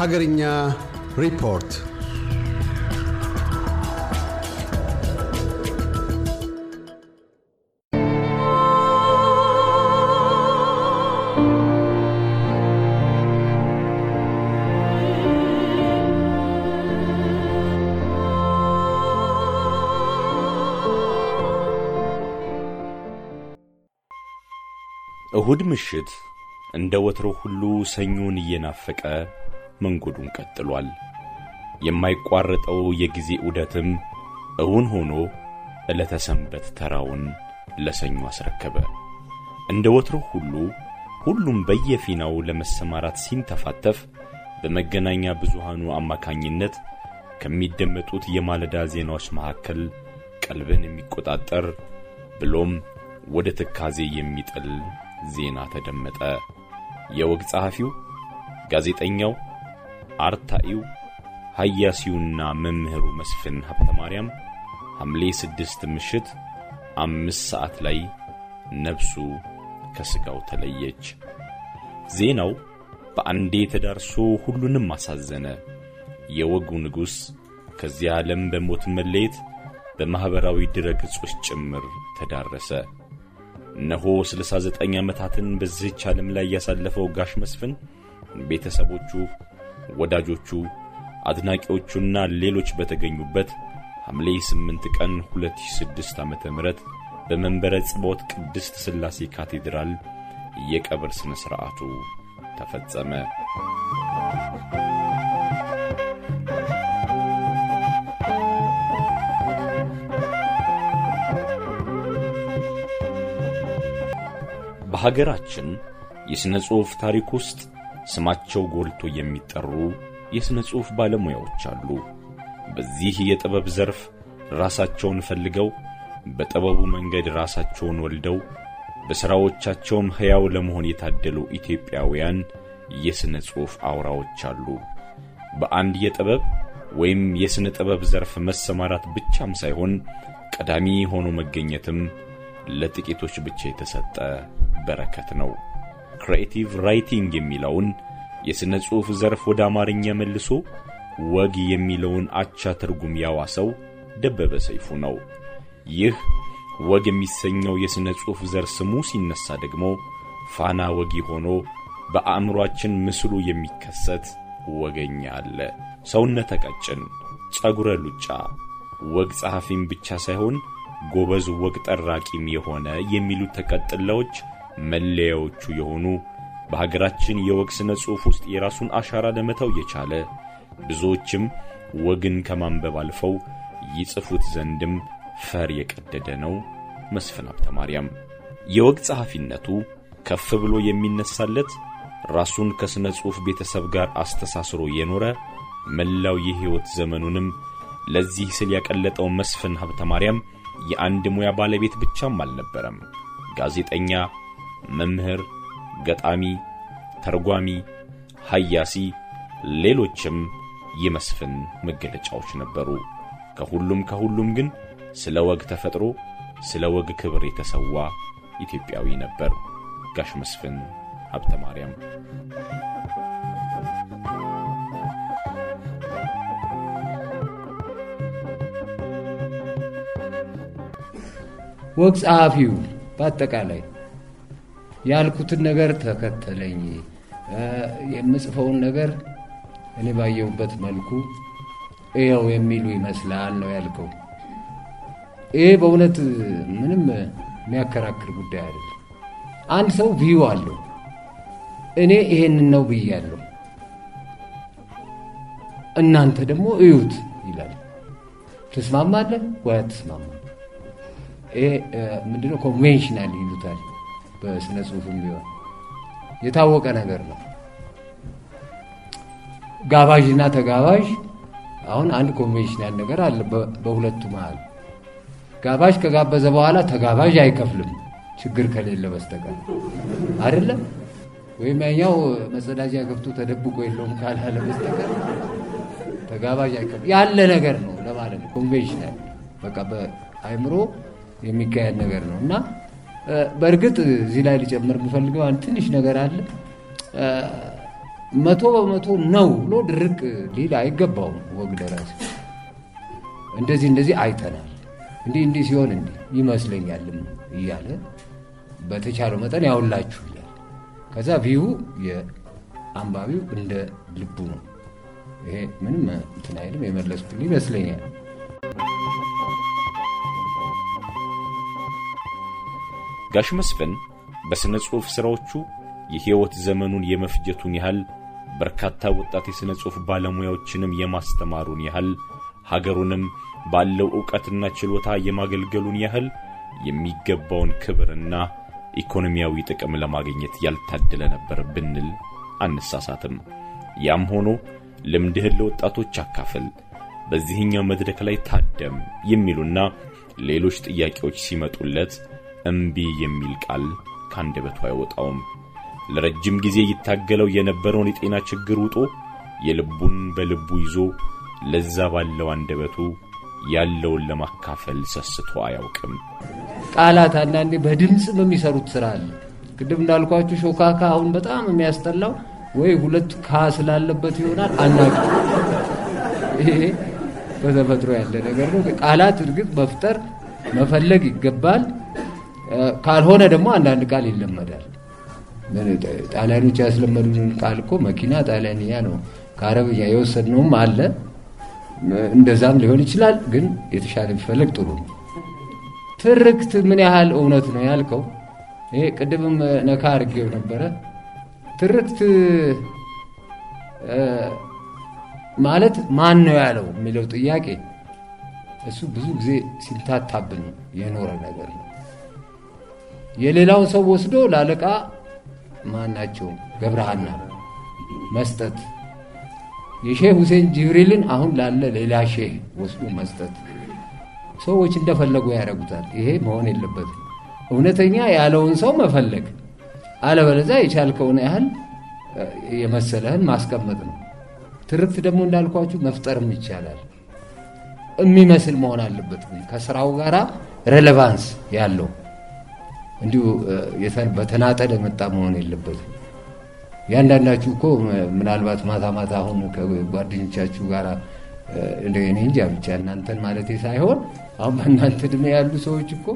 ሀገርኛ ሪፖርት እሁድ ምሽት እንደ ወትሮ ሁሉ ሰኞን እየናፈቀ መንጎዱን ቀጥሏል። የማይቋረጠው የጊዜ ዑደትም እውን ሆኖ ዕለተ ሰንበት ተራውን ለሰኞ አስረከበ። እንደ ወትሮ ሁሉ ሁሉም በየፊናው ለመሰማራት ሲንተፋተፍ በመገናኛ ብዙሃኑ አማካኝነት ከሚደመጡት የማለዳ ዜናዎች መካከል ቀልብን የሚቆጣጠር ብሎም ወደ ትካዜ የሚጥል ዜና ተደመጠ። የወግ ጸሐፊው፣ ጋዜጠኛው፣ አርታኢው፣ ሐያሲውና መምህሩ መስፍን ሀብተ ማርያም ሐምሌ ስድስት ምሽት አምስት ሰዓት ላይ ነፍሱ ከሥጋው ተለየች። ዜናው በአንዴ ተዳርሶ ሁሉንም አሳዘነ። የወጉ ንጉሥ ከዚህ ዓለም በሞት መለየት በማኅበራዊ ድረ ገጾች ጭምር ተዳረሰ። እነሆ 69 ዓመታትን በዚህች ዓለም ላይ ያሳለፈው ጋሽ መስፍን ቤተሰቦቹ፣ ወዳጆቹ፣ አድናቂዎቹና ሌሎች በተገኙበት ሐምሌ 8 ቀን 2006 ዓ ም በመንበረ ጽቦት ቅድስት ሥላሴ ካቴድራል የቀብር ሥነ ሥርዓቱ ተፈጸመ። በሀገራችን የሥነ ጽሑፍ ታሪክ ውስጥ ስማቸው ጎልቶ የሚጠሩ የሥነ ጽሑፍ ባለሙያዎች አሉ። በዚህ የጥበብ ዘርፍ ራሳቸውን ፈልገው በጥበቡ መንገድ ራሳቸውን ወልደው በሥራዎቻቸውም ሕያው ለመሆን የታደሉ ኢትዮጵያውያን የሥነ ጽሑፍ አውራዎች አሉ። በአንድ የጥበብ ወይም የሥነ ጥበብ ዘርፍ መሰማራት ብቻም ሳይሆን ቀዳሚ ሆኖ መገኘትም ለጥቂቶች ብቻ የተሰጠ በረከት ነው። ክሪኤቲቭ ራይቲንግ የሚለውን የሥነ ጽሑፍ ዘርፍ ወደ አማርኛ መልሶ ወግ የሚለውን አቻ ትርጉም ያዋሰው ደበበ ሰይፉ ነው። ይህ ወግ የሚሰኘው የሥነ ጽሑፍ ዘር ስሙ ሲነሳ ደግሞ ፋና ወጊ ሆኖ በአእምሯችን ምስሉ የሚከሰት ወገኛ አለ። ሰውነተ ቀጭን፣ ጸጉረ ሉጫ ወግ ጸሐፊም ብቻ ሳይሆን ጎበዝ ወግ ጠራቂም የሆነ የሚሉት ተቀጥላዎች መለያዎቹ የሆኑ በሀገራችን የወግ ሥነ ጽሑፍ ውስጥ የራሱን አሻራ ለመተው የቻለ ብዙዎችም ወግን ከማንበብ አልፈው ይጽፉት ዘንድም ፈር የቀደደ ነው። መስፍን ሀብተ ማርያም የወግ ጸሐፊነቱ ከፍ ብሎ የሚነሳለት ራሱን ከሥነ ጽሑፍ ቤተሰብ ጋር አስተሳስሮ የኖረ መላው የሕይወት ዘመኑንም ለዚህ ስል ያቀለጠው መስፍን ሀብተ ማርያም የአንድ ሙያ ባለቤት ብቻም አልነበረም። ጋዜጠኛ መምህር፣ ገጣሚ፣ ተርጓሚ፣ ሐያሲ፣ ሌሎችም የመስፍን መገለጫዎች ነበሩ። ከሁሉም ከሁሉም ግን ስለ ወግ ተፈጥሮ ስለ ወግ ክብር የተሰዋ ኢትዮጵያዊ ነበር ጋሽ መስፍን ሀብተ ማርያም። ወግ ጸሐፊው በአጠቃላይ ያልኩትን ነገር ተከተለኝ፣ የምጽፈውን ነገር እኔ ባየሁበት መልኩ እየው የሚሉ ይመስላል ነው ያልከው። ይሄ በእውነት ምንም የሚያከራክር ጉዳይ አይደለም። አንድ ሰው ቪዩ አለው። እኔ ይሄንን ነው ብያለሁ፣ እናንተ ደግሞ እዩት ይላል። ትስማማለህ ወይ አትስማማም? ይሄ ምንድነው ኮንቬንሽናል ይሉታል። በስነ ጽሁፍም ቢሆን የታወቀ ነገር ነው። ጋባዥ እና ተጋባዥ አሁን አንድ ኮንቬንሽናል ነገር አለ በሁለቱ መሀል። ጋባዥ ከጋበዘ በኋላ ተጋባዥ አይከፍልም ችግር ከሌለ በስተቀር አይደለም። ወይም ያኛው መጸዳጃ ገብቶ ተደብቆ የለውም ካላለ በስተቀር ተጋባዥ አይከፍልም። ያለ ነገር ነው ለማለት ኮንቬንሽናል በቃ በአይምሮ የሚካሄድ ነገር ነው እና በእርግጥ እዚህ ላይ ሊጨምር የምፈልገው አንድ ትንሽ ነገር አለ። መቶ በመቶ ነው ብሎ ድርቅ ሊል አይገባውም። ወግ ደራሲ እንደዚህ እንደዚህ አይተናል፣ እንዲህ እንዲህ ሲሆን እንዲህ ይመስለኛልም እያለ በተቻለው መጠን ያውላችሁ ይላል። ከዛ ቪዩ የአንባቢው እንደ ልቡ ነው። ይሄ ምንም እንትን አይልም። የመለስኩ ይመስለኛል። ጋሽ መስፍን በሥነ ጽሑፍ ሥራዎቹ የሕይወት ዘመኑን የመፍጀቱን ያህል በርካታ ወጣት የሥነ ጽሑፍ ባለሙያዎችንም የማስተማሩን ያህል ሀገሩንም ባለው ዕውቀትና ችሎታ የማገልገሉን ያህል የሚገባውን ክብርና ኢኮኖሚያዊ ጥቅም ለማግኘት ያልታደለ ነበር ብንል አንሳሳትም። ያም ሆኖ ልምድህን ለወጣቶች አካፍል፣ በዚህኛው መድረክ ላይ ታደም የሚሉና ሌሎች ጥያቄዎች ሲመጡለት እምቢ የሚል ቃል ካንደበቱ አይወጣውም። ለረጅም ጊዜ ይታገለው የነበረውን የጤና ችግር ውጦ የልቡን በልቡ ይዞ ለዛ ባለው አንደበቱ ያለውን ለማካፈል ሰስቶ አያውቅም። ቃላት አንዳንዴ በድምፅ በሚሰሩት ስራ አለ። ቅድም እንዳልኳችሁ ሾካካ አሁን በጣም የሚያስጠላው ወይ ሁለት ካ ስላለበት ይሆናል አናቅ። ይሄ በተፈጥሮ ያለ ነገር ነው። ቃላት እርግጥ መፍጠር መፈለግ ይገባል። ካልሆነ ደግሞ አንዳንድ ቃል ይለመዳል። ጣሊያኖች ያስለመዱን ቃል እኮ መኪና ጣሊያንያ ነው፣ ከአረብኛ የወሰድነውም አለ። እንደዛም ሊሆን ይችላል፣ ግን የተሻለ ቢፈለግ ጥሩ ነው። ትርክት ምን ያህል እውነት ነው ያልከው፣ ይሄ ቅድምም ነካ አድርጌው ነበረ። ትርክት ማለት ማን ነው ያለው የሚለው ጥያቄ እሱ ብዙ ጊዜ ሲምታታብን የኖረ ነገር ነው። የሌላውን ሰው ወስዶ ለአለቃ ማናቸው ገብረሃና መስጠት፣ የሼህ ሁሴን ጅብሪልን አሁን ላለ ሌላ ሼህ ወስዶ መስጠት። ሰዎች እንደፈለጉ ያደርጉታል። ይሄ መሆን የለበትም። እውነተኛ ያለውን ሰው መፈለግ፣ አለበለዚያ የቻልከውን ያህል የመሰለህን ማስቀመጥ ነው። ትርክት ደግሞ እንዳልኳችሁ መፍጠርም ይቻላል። የሚመስል መሆን አለበት ከስራው ጋራ ሬሌቫንስ ያለው እንዲሁ በተናጠለ መጣ መሆን የለበትም። ያንዳንዳችሁ እኮ ምናልባት ማታ ማታ አሁን ከጓደኞቻችሁ ጋር እኔ እንጃ ብቻ እናንተን ማለቴ ሳይሆን አሁን በእናንተ ዕድሜ ያሉ ሰዎች እኮ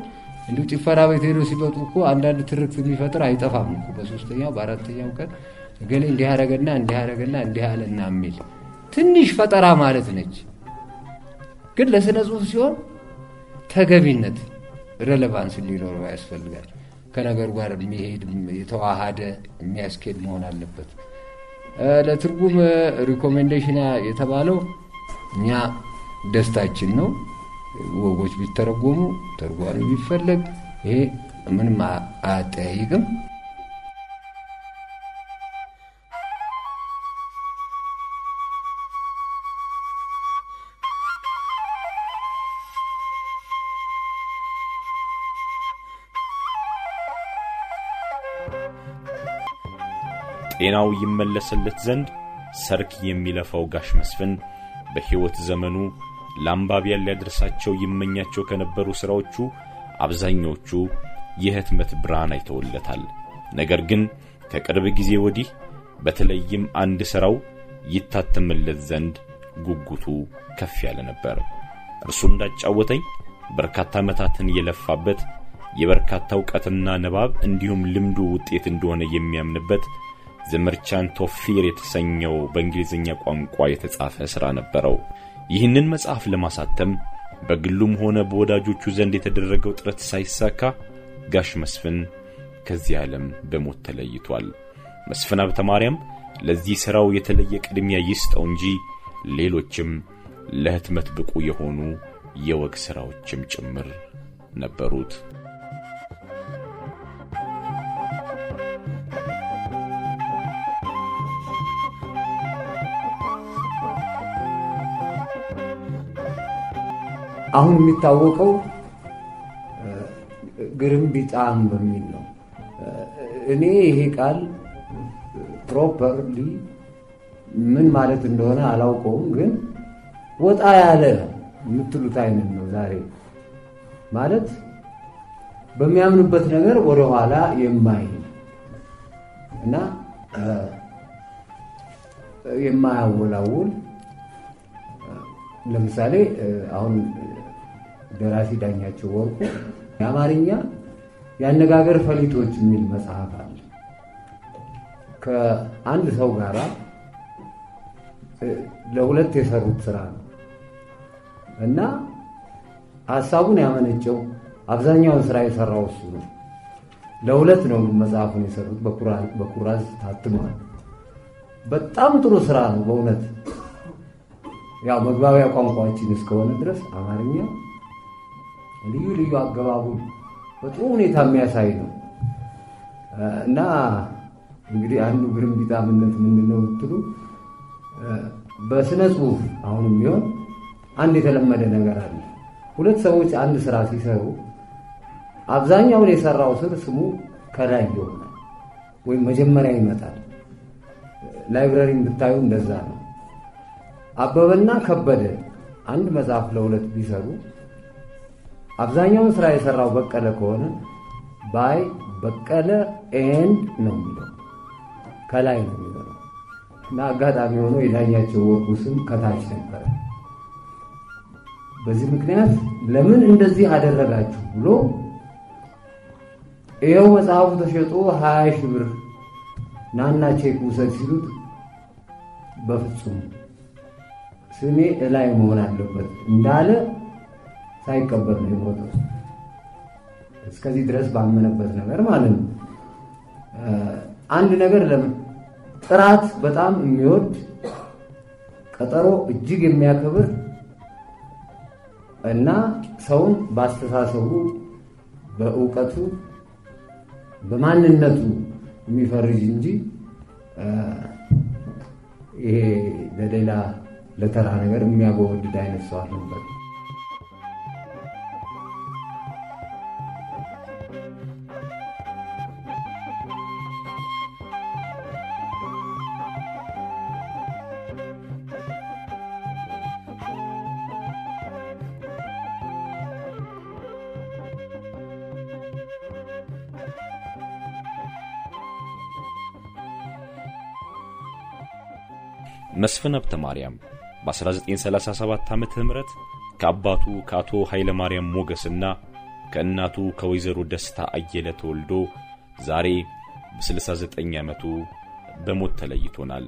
እንዲሁ ጭፈራ ቤት ሄዶ ሲመጡ እኮ አንዳንድ ትርክት የሚፈጥር አይጠፋም እኮ በሶስተኛው በአራተኛው ቀን እገሌ እንዲህ ያደረገና እንዲህ ያደረገና እንዲህ ያለና የሚል ትንሽ ፈጠራ ማለት ነች። ግን ለስነ ጽሁፍ ሲሆን ተገቢነት ሬሌቫንስ ሊኖረው ያስፈልጋል። ከነገሩ ጋር የሚሄድ የተዋሃደ የሚያስኬድ መሆን አለበት። ለትርጉም ሪኮሜንዴሽን የተባለው እኛ ደስታችን ነው። ወጎች ቢተረጎሙ ተርጓሚ ቢፈለግ ይሄ ምንም አያጠያይቅም። ጤናው ይመለሰለት ዘንድ ሰርክ የሚለፋው ጋሽ መስፍን በሕይወት ዘመኑ ለአንባቢያን ሊያደርሳቸው ይመኛቸው ከነበሩ ሥራዎቹ አብዛኞቹ የህትመት ብርሃን አይተውለታል። ነገር ግን ከቅርብ ጊዜ ወዲህ በተለይም አንድ ሥራው ይታተምለት ዘንድ ጉጉቱ ከፍ ያለ ነበር። እርሱ እንዳጫወተኝ በርካታ ዓመታትን የለፋበት የበርካታ እውቀትና ንባብ እንዲሁም ልምዱ ውጤት እንደሆነ የሚያምንበት ዘመርቻንት ቶፊር የተሰኘው በእንግሊዝኛ ቋንቋ የተጻፈ ሥራ ነበረው። ይህንን መጽሐፍ ለማሳተም በግሉም ሆነ በወዳጆቹ ዘንድ የተደረገው ጥረት ሳይሳካ ጋሽ መስፍን ከዚህ ዓለም በሞት ተለይቷል። መስፍን ሀብተ ማርያም ለዚህ ሥራው የተለየ ቅድሚያ ይስጠው እንጂ ሌሎችም ለህትመት ብቁ የሆኑ የወግ ሥራዎችም ጭምር ነበሩት። አሁን የሚታወቀው ግርምቢጣም በሚል ነው። እኔ ይሄ ቃል ፕሮፐርሊ ምን ማለት እንደሆነ አላውቀውም፣ ግን ወጣ ያለ የምትሉት አይነት ነው። ዛሬ ማለት በሚያምኑበት ነገር ወደኋላ የማይ እና የማያወላውል ለምሳሌ አሁን ደራሲ ዳኛቸው ወርቁ የአማርኛ የአነጋገር ፈሊቶች የሚል መጽሐፍ አለ። ከአንድ ሰው ጋር ለሁለት የሰሩት ስራ ነው እና ሀሳቡን ያመነጨው አብዛኛውን ስራ የሰራው እሱ ነው። ለሁለት ነው መጽሐፉን የሰሩት፣ በኩራዝ ታትሟል። በጣም ጥሩ ስራ ነው በእውነት ያው መግባቢያ ቋንቋችን እስከሆነ ድረስ አማርኛ ልዩ ልዩ አገባቡን በጥሩ ሁኔታ የሚያሳይ ነው እና እንግዲህ አንዱ ግርምቢጣምነት ምንድን ነው ብትሉ በስነ ጽሁፍ አሁንም ቢሆን አንድ የተለመደ ነገር አለ። ሁለት ሰዎች አንድ ስራ ሲሰሩ አብዛኛውን የሰራው ስር ስሙ ከላይ ይሆናል ወይም መጀመሪያ ይመጣል። ላይብረሪን ብታዩ እንደዛ ነው። አበበና ከበደ አንድ መጽሐፍ ለሁለት ቢሰሩ አብዛኛውን ስራ የሰራው በቀለ ከሆነ ባይ በቀለ ኤንድ ነው የሚለው ከላይ ነው የሚለው እና አጋጣሚ ሆኖ የዳኛቸው ወርቁ ስም ከታች ነበረ። በዚህ ምክንያት ለምን እንደዚህ አደረጋችሁ ብሎ ይኸው መጽሐፉ ተሸጦ ሀያ ሺህ ብር ናና ቼክ ውሰድ ሲሉት በፍጹም ስሜ እላይ መሆን አለበት እንዳለ ሳይቀበል ነው የሞተው። እስከዚህ ድረስ ባመነበት ነገር ማለት ነው። አንድ ነገር ለምን ጥራት በጣም የሚወድ ቀጠሮ እጅግ የሚያከብር እና ሰውን በአስተሳሰቡ፣ በእውቀቱ፣ በማንነቱ የሚፈርጅ እንጂ ይሄ ለሌላ ለተራ ነገር የሚያጎወድድ አይነት ሰው አልነበረም። መስፍን ሀብተ ማርያም በ1937 ዓ.ም ከአባቱ ከአቶ ኃይለ ማርያም ሞገስና ከእናቱ ከወይዘሮ ደስታ አየለ ተወልዶ ዛሬ በ69 ዓመቱ በሞት ተለይቶናል።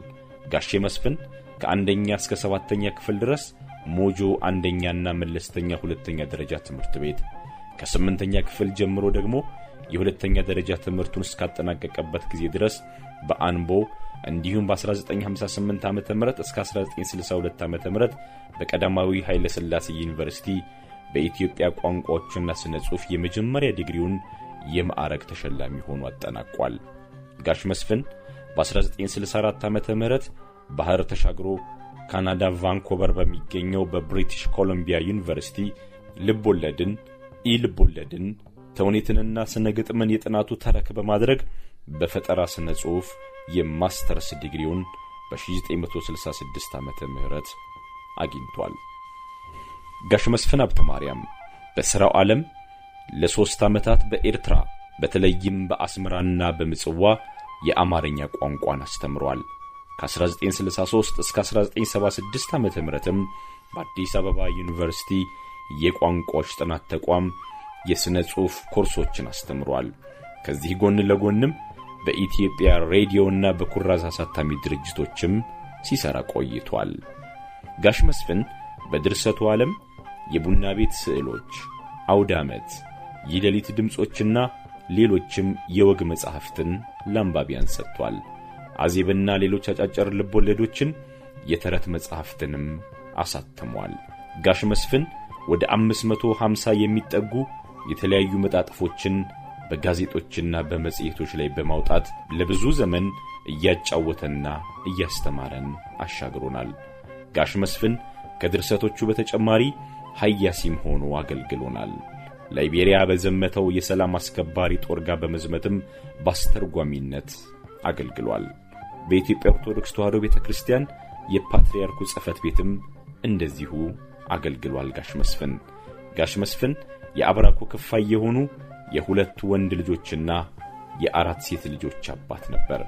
ጋሼ መስፍን ከአንደኛ እስከ ሰባተኛ ክፍል ድረስ ሞጆ አንደኛና መለስተኛ ሁለተኛ ደረጃ ትምህርት ቤት ከስምንተኛ ክፍል ጀምሮ ደግሞ የሁለተኛ ደረጃ ትምህርቱን እስካጠናቀቀበት ጊዜ ድረስ በአንቦ እንዲሁም በ1958 ዓ ም እስከ 1962 ዓ ም በቀዳማዊ ኃይለ ሥላሴ ዩኒቨርሲቲ በኢትዮጵያ ቋንቋዎችና ሥነ ጽሑፍ የመጀመሪያ ዲግሪውን የማዕረግ ተሸላሚ ሆኖ አጠናቋል። ጋሽ መስፍን በ1964 ዓ ም ባህር ተሻግሮ ካናዳ ቫንኮቨር በሚገኘው በብሪቲሽ ኮሎምቢያ ዩኒቨርሲቲ ልብ ወለድን ኢ ልብ ወለድን ተውኔትንና ስነ ግጥምን የጥናቱ ተረክ በማድረግ በፈጠራ ስነ ጽሑፍ የማስተርስ ዲግሪውን በ1966 ዓመተ ምህረት አግኝቷል። ጋሽ መስፍን ሀብተ ማርያም በሥራው ዓለም ለሦስት ዓመታት በኤርትራ በተለይም በአስመራና በምጽዋ የአማርኛ ቋንቋን አስተምሯል። ከ1963 እስከ 1976 ዓ. ዓ.ም በአዲስ አበባ ዩኒቨርሲቲ የቋንቋዎች ጥናት ተቋም የሥነ ጽሑፍ ኮርሶችን አስተምሯል። ከዚህ ጎን ለጎንም በኢትዮጵያ ሬዲዮና በኩራዝ አሳታሚ ድርጅቶችም ሲሰራ ቆይቷል። ጋሽ መስፍን በድርሰቱ ዓለም የቡና ቤት ስዕሎች፣ አውድ ዓመት፣ የሌሊት ድምፆችና ሌሎችም የወግ መጻሕፍትን ለአንባቢያን ሰጥቷል። አዜብና ሌሎች አጫጭር ልቦለዶችን፣ የተረት መጻሕፍትንም አሳትሟል። ጋሽ መስፍን ወደ 550 የሚጠጉ የተለያዩ መጣጥፎችን በጋዜጦችና በመጽሔቶች ላይ በማውጣት ለብዙ ዘመን እያጫወተና እያስተማረን አሻግሮናል። ጋሽ መስፍን ከድርሰቶቹ በተጨማሪ ሐያሲም ሆኖ አገልግሎናል። ላይቤሪያ በዘመተው የሰላም አስከባሪ ጦር ጋር በመዝመትም በአስተርጓሚነት አገልግሏል። በኢትዮጵያ ኦርቶዶክስ ተዋሕዶ ቤተ ክርስቲያን የፓትርያርኩ ጽሕፈት ቤትም እንደዚሁ አገልግሏል። ጋሽ መስፍን ጋሽ መስፍን የአብራኮ ክፋይ የሆኑ የሁለት ወንድ ልጆችና የአራት ሴት ልጆች አባት ነበር።